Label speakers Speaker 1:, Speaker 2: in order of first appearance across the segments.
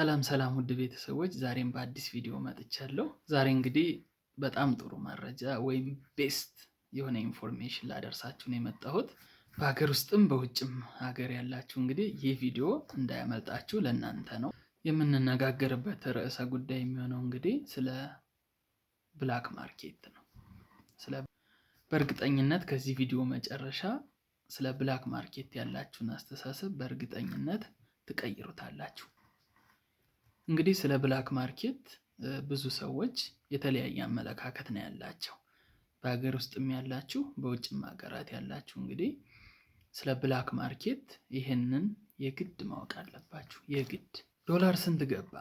Speaker 1: ሰላም ሰላም ውድ ቤተሰቦች ዛሬም በአዲስ ቪዲዮ መጥቻለሁ። ዛሬ እንግዲህ በጣም ጥሩ መረጃ ወይም ቤስት የሆነ ኢንፎርሜሽን ላደርሳችሁ ነው የመጣሁት። በሀገር ውስጥም በውጭም ሀገር ያላችሁ እንግዲህ ይህ ቪዲዮ እንዳያመልጣችሁ ለእናንተ ነው። የምንነጋገርበት ርዕሰ ጉዳይ የሚሆነው እንግዲህ ስለ ብላክ ማርኬት ነው። ስለ በእርግጠኝነት ከዚህ ቪዲዮ መጨረሻ ስለ ብላክ ማርኬት ያላችሁን አስተሳሰብ በእርግጠኝነት ትቀይሩታላችሁ። እንግዲህ ስለ ብላክ ማርኬት ብዙ ሰዎች የተለያየ አመለካከት ነው ያላቸው። በሀገር ውስጥም ያላችሁ በውጭም ሀገራት ያላችሁ እንግዲህ ስለ ብላክ ማርኬት ይህንን የግድ ማወቅ አለባችሁ። የግድ ዶላር ስንት ገባ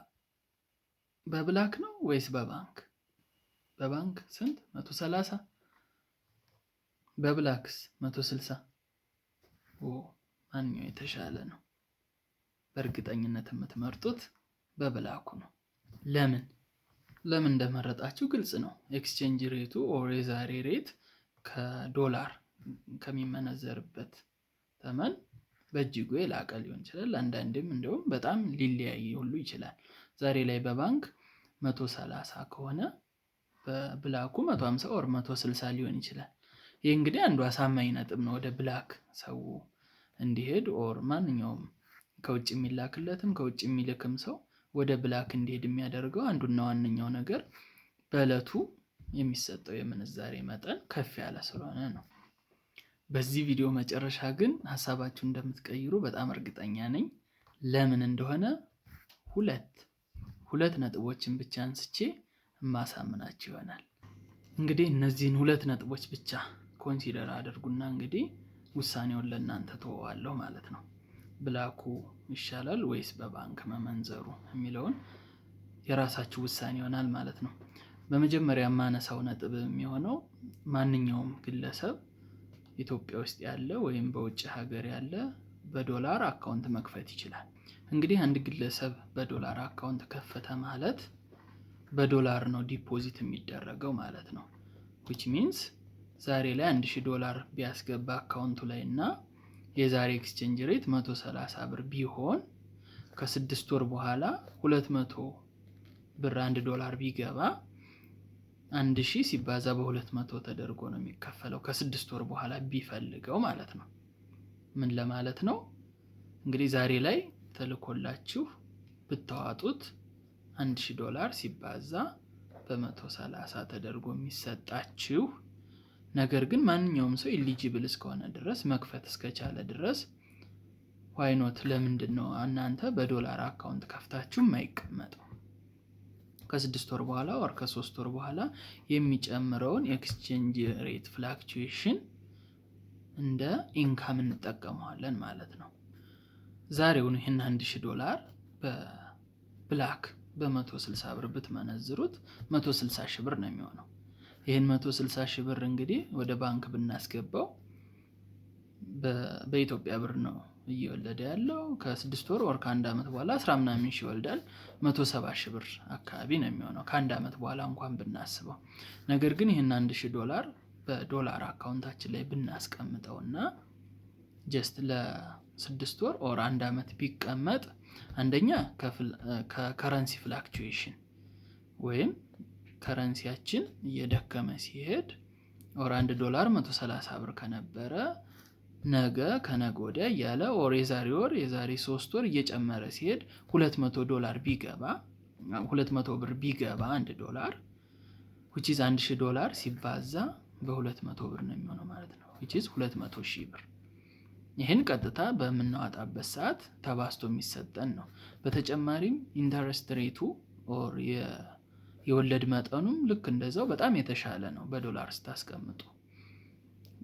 Speaker 1: በብላክ ነው ወይስ በባንክ? በባንክ ስንት መቶ ሰላሳ በብላክስ መቶ ስልሳ ማንኛው የተሻለ ነው? በእርግጠኝነት የምትመርጡት በብላኩ ነው። ለምን ለምን እንደመረጣችሁ ግልጽ ነው። ኤክስቼንጅ ሬቱ ኦር የዛሬ ሬት ከዶላር ከሚመነዘርበት ተመን በእጅጉ የላቀ ሊሆን ይችላል። አንዳንድም እንዲሁም በጣም ሊለያይ ሁሉ ይችላል። ዛሬ ላይ በባንክ መቶ ከሆነ በብላኩ መቶ ኦር መቶ ሊሆን ይችላል። ይህ እንግዲህ አንዱ አሳማኝ ነጥብ ነው ወደ ብላክ ሰው እንዲሄድ ኦር ማንኛውም ከውጭ የሚላክለትም ከውጭ የሚልክም ሰው ወደ ብላክ እንዲሄድ የሚያደርገው አንዱና ዋነኛው ነገር በእለቱ የሚሰጠው የምንዛሬ መጠን ከፍ ያለ ስለሆነ ነው። በዚህ ቪዲዮ መጨረሻ ግን ሀሳባችሁ እንደምትቀይሩ በጣም እርግጠኛ ነኝ። ለምን እንደሆነ ሁለት ሁለት ነጥቦችን ብቻ አንስቼ ማሳምናቸው ይሆናል። እንግዲህ እነዚህን ሁለት ነጥቦች ብቻ ኮንሲደር አድርጉና እንግዲህ ውሳኔውን ለእናንተ ተወዋለሁ ማለት ነው ብላኩ ይሻላል ወይስ በባንክ መመንዘሩ የሚለውን የራሳችሁ ውሳኔ ይሆናል ማለት ነው። በመጀመሪያ ማነሳው ነጥብ የሚሆነው ማንኛውም ግለሰብ ኢትዮጵያ ውስጥ ያለ ወይም በውጭ ሀገር ያለ በዶላር አካውንት መክፈት ይችላል። እንግዲህ አንድ ግለሰብ በዶላር አካውንት ከፈተ ማለት በዶላር ነው ዲፖዚት የሚደረገው ማለት ነው። ዊች ሚንስ ዛሬ ላይ አንድ ሺህ ዶላር ቢያስገባ አካውንቱ ላይ እና የዛሬ ኤክስቼንጅ ሬት 130 ብር ቢሆን ከስድስት ወር በኋላ 200 ብር አንድ ዶላር ቢገባ አንድ ሺህ ሲባዛ በሁለት መቶ ተደርጎ ነው የሚከፈለው ከስድስት ወር በኋላ ቢፈልገው ማለት ነው። ምን ለማለት ነው እንግዲህ ዛሬ ላይ ተልኮላችሁ ብታዋጡት አንድ ሺህ ዶላር ሲባዛ በመቶ ሰላሳ ተደርጎ የሚሰጣችሁ ነገር ግን ማንኛውም ሰው ኢሊጂብል እስከሆነ ድረስ መክፈት እስከቻለ ድረስ ዋይኖት ለምንድን ነው እናንተ በዶላር አካውንት ከፍታችሁ የማይቀመጠው? ከስድስት ወር በኋላ ወር ከሶስት ወር በኋላ የሚጨምረውን ኤክስቼንጅ ሬት ፍላክቹዌሽን እንደ ኢንካም እንጠቀመዋለን ማለት ነው። ዛሬውን ይህን አንድ ሺህ ዶላር በብላክ በመቶ ስልሳ ብር ብትመነዝሩት መቶ ስልሳ ሺህ ብር ነው የሚሆነው። ይህን 160 ሺህ ብር እንግዲህ ወደ ባንክ ብናስገባው በኢትዮጵያ ብር ነው እየወለደ ያለው። ከስድስት ወር ወር ከአንድ ዓመት በኋላ አስራ ምናምን ሺህ ይወልዳል። መቶ ሰባ ሺህ ብር አካባቢ ነው የሚሆነው ከአንድ ዓመት በኋላ እንኳን ብናስበው። ነገር ግን ይህን አንድ ሺህ ዶላር በዶላር አካውንታችን ላይ ብናስቀምጠው እና ጀስት ለስድስት ወር ኦር አንድ ዓመት ቢቀመጥ አንደኛ ከከረንሲ ፍላክቹዌሽን ወይም ከረንሲያችን እየደከመ ሲሄድ ወር አንድ ዶላር 130 ብር ከነበረ ነገ ከነገ ወደ እያለ ወር የዛሬ ወር የዛሬ ሶስት ወር እየጨመረ ሲሄድ 200 ዶላር ቢገባ 200 ብር ቢገባ አንድ ዶላር ዊችዝ 1000 ዶላር ሲባዛ በ200 ብር ነው የሚሆነው ማለት ነው። ዊችዝ 200 ሺህ ብር ይህን ቀጥታ በምናወጣበት ሰዓት ተባስቶ የሚሰጠን ነው። በተጨማሪም ኢንተረስት ሬቱ ኦር የወለድ መጠኑም ልክ እንደዛው በጣም የተሻለ ነው በዶላር ስታስቀምጡ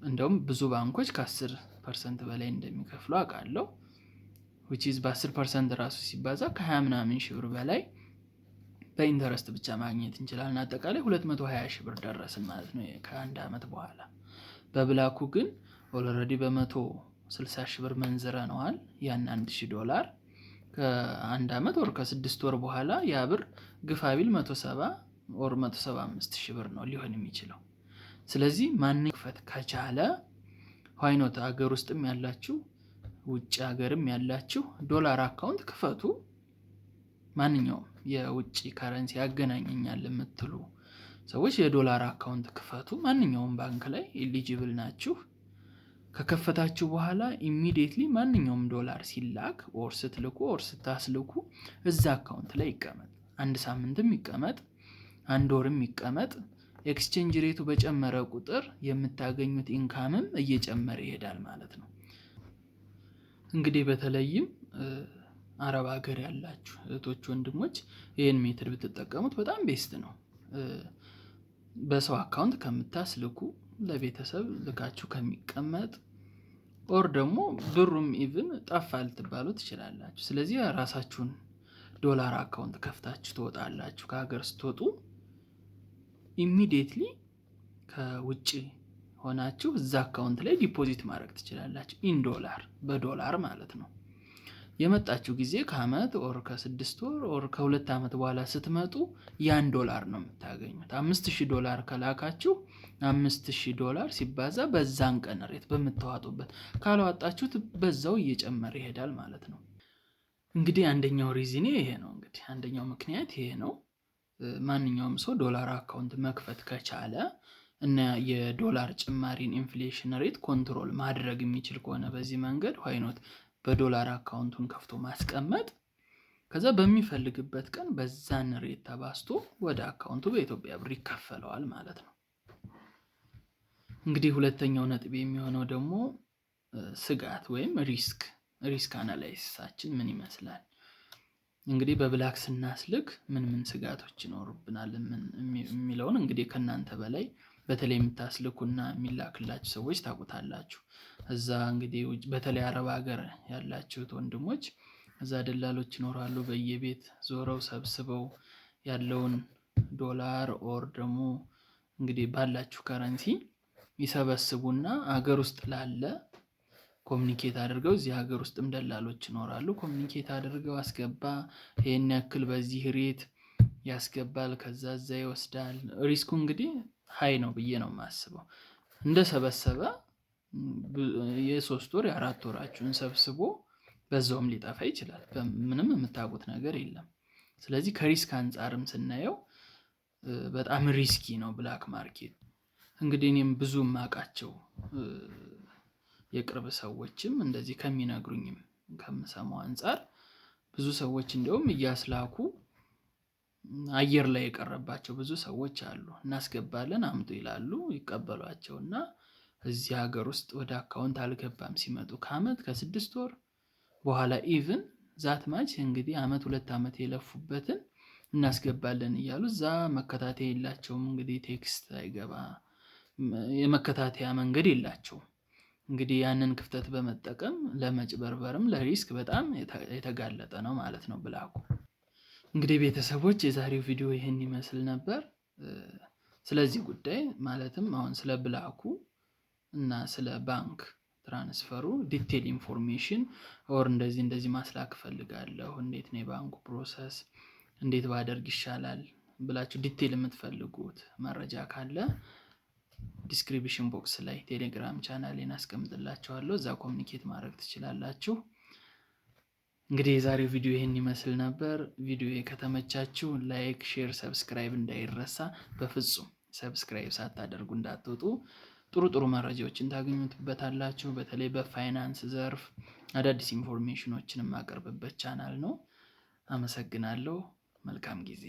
Speaker 1: እንደውም ብዙ ባንኮች ከ10 ፐርሰንት በላይ እንደሚከፍሉ አቃለው በ10 ፐርሰንት ራሱ ሲባዛ ከ20 ምናምን ሽብር በላይ በኢንተረስት ብቻ ማግኘት እንችላለን አጠቃላይ 220 ሽብር ደረስን ማለት ነው ከአንድ ዓመት በኋላ በብላኩ ግን ኦልረዲ በ160 ሽብር መንዝረ ነዋል ያን 1000 ዶላር ከአንድ ዓመት ወር ከስድስት ወር በኋላ ያብር ግፋቢል 170 ኦር 175 ሺህ ብር ነው ሊሆን የሚችለው። ስለዚህ ማን ክፈት ከቻለ ዋይኖት ሀገር ውስጥም ያላችሁ ውጭ ሀገርም ያላችሁ ዶላር አካውንት ክፈቱ። ማንኛውም የውጭ ከረንሲ ያገናኘኛል የምትሉ ሰዎች የዶላር አካውንት ክፈቱ። ማንኛውም ባንክ ላይ ኤሊጂብል ናችሁ። ከከፈታችሁ በኋላ ኢሚዲየትሊ ማንኛውም ዶላር ሲላክ ኦር ስትልኩ ኦር ስታስልኩ እዛ አካውንት ላይ ይቀመጥ። አንድ ሳምንትም ይቀመጥ አንድ ወርም ይቀመጥ ኤክስቼንጅ ሬቱ በጨመረ ቁጥር የምታገኙት ኢንካምም እየጨመረ ይሄዳል ማለት ነው። እንግዲህ በተለይም አረብ ሀገር ያላችሁ እህቶች፣ ወንድሞች ይህን ሜትድ ብትጠቀሙት በጣም ቤስት ነው። በሰው አካውንት ከምታስልኩ ለቤተሰብ ልካችሁ ከሚቀመጥ ኦር ደግሞ ብሩም ኢቭን ጠፋ ልትባሉ ትችላላችሁ። ስለዚህ ራሳችሁን ዶላር አካውንት ከፍታችሁ ትወጣላችሁ። ከሀገር ስትወጡ ኢሚዲየትሊ ከውጭ ሆናችሁ እዛ አካውንት ላይ ዲፖዚት ማድረግ ትችላላችሁ። ኢን ዶላር በዶላር ማለት ነው። የመጣችሁ ጊዜ ከአመት ኦር ከስድስት ወር ኦር ከሁለት ዓመት በኋላ ስትመጡ ያን ዶላር ነው የምታገኙት። አምስት ሺህ ዶላር ከላካችሁ አምስት ሺህ ዶላር ሲባዛ በዛን ቀን ሬት በምታዋጡበት፣ ካልዋጣችሁት በዛው እየጨመረ ይሄዳል ማለት ነው። እንግዲህ አንደኛው ሪዝኔ ይሄ ነው። እንግዲህ አንደኛው ምክንያት ይሄ ነው። ማንኛውም ሰው ዶላር አካውንት መክፈት ከቻለ እና የዶላር ጭማሪን ኢንፍሌሽን ሬት ኮንትሮል ማድረግ የሚችል ከሆነ በዚህ መንገድ ሆይኖት በዶላር አካውንቱን ከፍቶ ማስቀመጥ ከዛ በሚፈልግበት ቀን በዛን ሬት ተባስቶ ወደ አካውንቱ በኢትዮጵያ ብር ይከፈለዋል ማለት ነው። እንግዲህ ሁለተኛው ነጥብ የሚሆነው ደግሞ ስጋት ወይም ሪስክ ሪስክ አናላይሳችን ምን ይመስላል? እንግዲህ በብላክ ስናስልክ ምን ምን ስጋቶች ይኖሩብናል የሚለውን እንግዲህ ከእናንተ በላይ በተለይ የምታስልኩና የሚላክላችሁ ሰዎች ታውቁታላችሁ። እዛ እንግዲህ በተለይ አረብ ሀገር ያላችሁት ወንድሞች እዛ ደላሎች ይኖራሉ። በየቤት ዞረው ሰብስበው ያለውን ዶላር ኦር ደግሞ እንግዲህ ባላችሁ ከረንሲ ይሰበስቡና አገር ውስጥ ላለ ኮሚኒኬት አድርገው እዚህ ሀገር ውስጥም ደላሎች ይኖራሉ። ኮሚኒኬት አድርገው አስገባ፣ ይህን ያክል በዚህ ሬት ያስገባል፣ ከዛ እዛ ይወስዳል። ሪስኩ እንግዲህ ሀይ ነው ብዬ ነው የማስበው። እንደሰበሰበ የሶስት ወር የአራት ወራችሁን ሰብስቦ በዛውም ሊጠፋ ይችላል። ምንም የምታውቁት ነገር የለም። ስለዚህ ከሪስክ አንጻርም ስናየው በጣም ሪስኪ ነው ብላክ ማርኬት። እንግዲህ እኔም ብዙ የማውቃቸው የቅርብ ሰዎችም እንደዚህ ከሚነግሩኝም ከምሰማው አንጻር ብዙ ሰዎች እንዲሁም እያስላኩ አየር ላይ የቀረባቸው ብዙ ሰዎች አሉ። እናስገባለን አምጡ ይላሉ፣ ይቀበሏቸው እና እዚህ ሀገር ውስጥ ወደ አካውንት አልገባም ሲመጡ ከአመት ከስድስት ወር በኋላ ኢቭን ዛት ማች እንግዲህ አመት ሁለት አመት የለፉበትን እናስገባለን እያሉ እዛ መከታተያ የላቸውም። እንግዲህ ቴክስት አይገባ የመከታተያ መንገድ የላቸውም። እንግዲህ ያንን ክፍተት በመጠቀም ለመጭበርበርም ለሪስክ በጣም የተጋለጠ ነው ማለት ነው ብላኩ። እንግዲህ ቤተሰቦች የዛሬው ቪዲዮ ይህን ይመስል ነበር። ስለዚህ ጉዳይ ማለትም አሁን ስለ ብላኩ እና ስለ ባንክ ትራንስፈሩ ዲቴል ኢንፎርሜሽን ኦር እንደዚህ እንደዚህ ማስላክ ፈልጋለሁ እንዴት ነው የባንኩ ፕሮሰስ፣ እንዴት ባደርግ ይሻላል ብላችሁ ዲቴል የምትፈልጉት መረጃ ካለ ዲስክሪፕሽን ቦክስ ላይ ቴሌግራም ቻናሌን አስቀምጥላችኋለሁ። እዛ ኮሚኒኬት ማድረግ ትችላላችሁ። እንግዲህ የዛሬው ቪዲዮ ይህን ይመስል ነበር። ቪዲዮ ከተመቻችሁ ላይክ፣ ሼር፣ ሰብስክራይብ እንዳይረሳ። በፍጹም ሰብስክራይብ ሳታደርጉ እንዳትወጡ። ጥሩ ጥሩ መረጃዎችን ታገኙበታላችሁ። በተለይ በፋይናንስ ዘርፍ አዳዲስ ኢንፎርሜሽኖችን የማቀርብበት ቻናል ነው። አመሰግናለሁ። መልካም ጊዜ